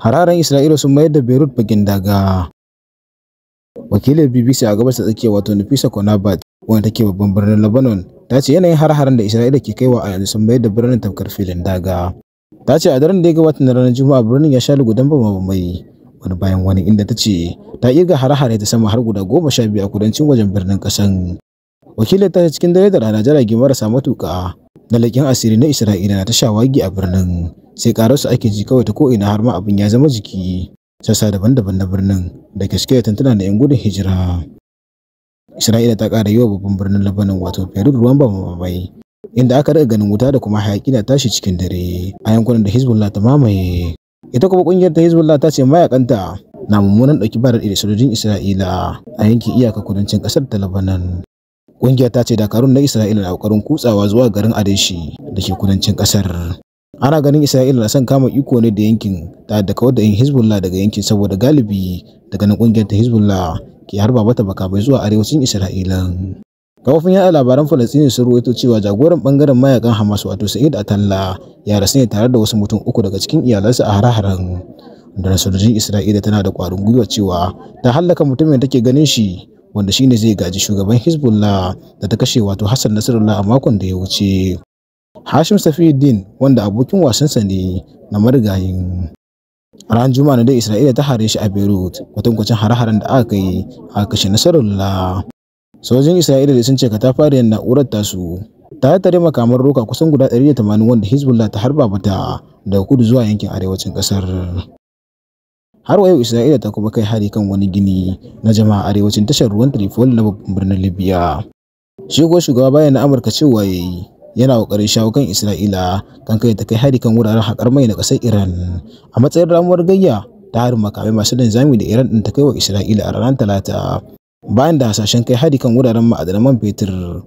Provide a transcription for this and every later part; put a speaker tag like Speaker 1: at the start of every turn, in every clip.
Speaker 1: Hararen Isra'ila sun mayar da Beirut bakin daga. Wakilin BBC a gabas ta tsakiya wato Nafisa Konabat wanda take babban birnin Lebanon ta ce yanayin har-haren da Isra'ila ke kaiwa a yanzu sun mayar da birnin tamkar filin daga. Ta ce a daren da ya gabata na ranar Juma'a birnin ya sha lugudan bambamai wani bayan wani inda ta ce ta ƙirga hare-hare ta sama har guda goma sha biyu a kudancin wajen birnin kasan. Wakilin ta cikin dare da rana jaragi marasa matuƙa na leƙen asiri na Isra'ila na ta shawagi a birnin. sai su ake ji kawai ta ko'ina har ma abin ya zama jiki sassa daban-daban na birnin da gaske da tantana da 'yan gudun hijira isra'ila ta ƙara yi wa babban birnin labanin wato beirut ruwan ba mamaye inda aka riga ganin wuta da kuma hayaƙi na tashi cikin dare a yankunan da hezbollah ta mamaye ita kuma ƙungiyar ta hezbollah ta ce mayakanta na mummunan ɗauki bara da sojojin isra'ila a yankin iyaka kudancin ƙasar ta labanan Ƙungiyar ta ce dakarun na Isra'ila na kokarin kutsawa zuwa garin Adeshi da ke kudancin ƙasar ana ganin isra'ila na son kama iko ne da yankin ta da kawar da yan hezbollah daga yankin saboda galibi daga nan kungiyar ta hezbollah ke harba mata baka bai zuwa arewacin isra'ila kafofin yaɗa labaran falastini sun ruwaito cewa jagoran bangaren mayakan hamas wato sa'id atalla ya rasu ne tare da wasu mutum uku daga cikin iyalansa a hare-haren rundunar sojojin isra'ila tana da kwarin gwiwa cewa ta hallaka mutumin da take ganin shi wanda shine zai gaji shugaban hezbollah da ta kashe wato hassan nasarallah a makon da ya wuce Hashim Safiuddin wanda abokin wasansa ne na marigayin. A ran Juma'a na dai Isra'ila ta hare shi a Beirut, kwatankwacin hare-haren da aka yi a kashe Nasarullah. Sojin Isra'ila da sun ce ta yin na'urar tasu ta tare makamar roka kusan guda ɗari da tamanin wanda Hezbollah ta harba mata daga kudu zuwa yankin arewacin ƙasar. har wa isra'ila ta kuma kai hari kan wani gini na jama'a arewacin tashar ruwan tripoli na babban birnin libya shi ko shugaba bayan na amurka cewa ya yi yana kokarin shawo kan isra'ila kan kai ta kai hari kan wuraren hakar mai na kasar iran a matsayin ramuwar gayya ta harin makamai masu linzami da iran din ta kai wa isra'ila a ranar talata bayan da hasashen kai hari kan wuraren ma'adanan man fetur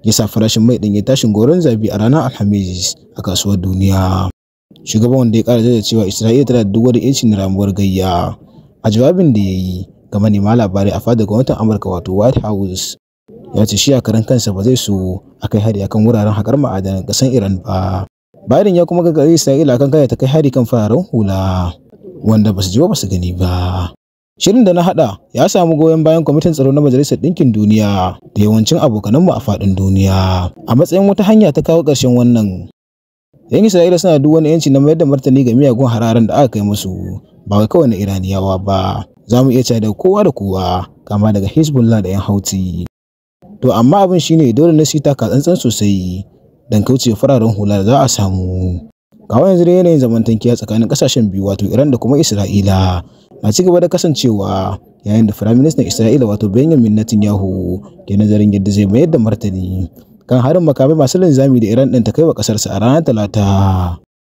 Speaker 1: ya sa farashin mai ɗin ya tashin goron zabi a ranar alhamis a kasuwar duniya shugaban wanda ya kara da cewa isra'ila tana da duk wani ramuwar gayya a jawabin da ya yi ga manema labarai a fadar gwamnatin amurka wato white house ya ce shi a karan kansa ba zai so a kai hari akan wuraren haƙar ma'adanan ƙasar iran ba biden ya kuma gagari isra'ila akan kaya ta kai hari kan fararen hula wanda ba su ji ba su gani ba shirin da na hada ya samu goyon bayan kwamitin tsaro na majalisar ɗinkin duniya da yawancin abokananmu a faɗin duniya a matsayin wata hanya ta kawo ƙarshen wannan yan isra'ila suna duk wani yanci na mayar da martani ga miyagun hararan da aka kai musu ba kawai na iraniyawa ba za mu iya cewa da kowa da kowa kama daga hezbollah da yan hauti to amma abin shine dole na sita ka tsantsan sosai dan kauce fararen hula da za a samu kawai yanzu da yanayin zamantakiya tsakanin kasashen biyu wato iran da kuma isra'ila na ci gaba da kasancewa yayin da firaministan isra'ila wato benjamin netanyahu ke nazarin yadda zai mayar da martani kan harin makamai masu linzami da iran din ta kai wa ƙasarsa a ranar talata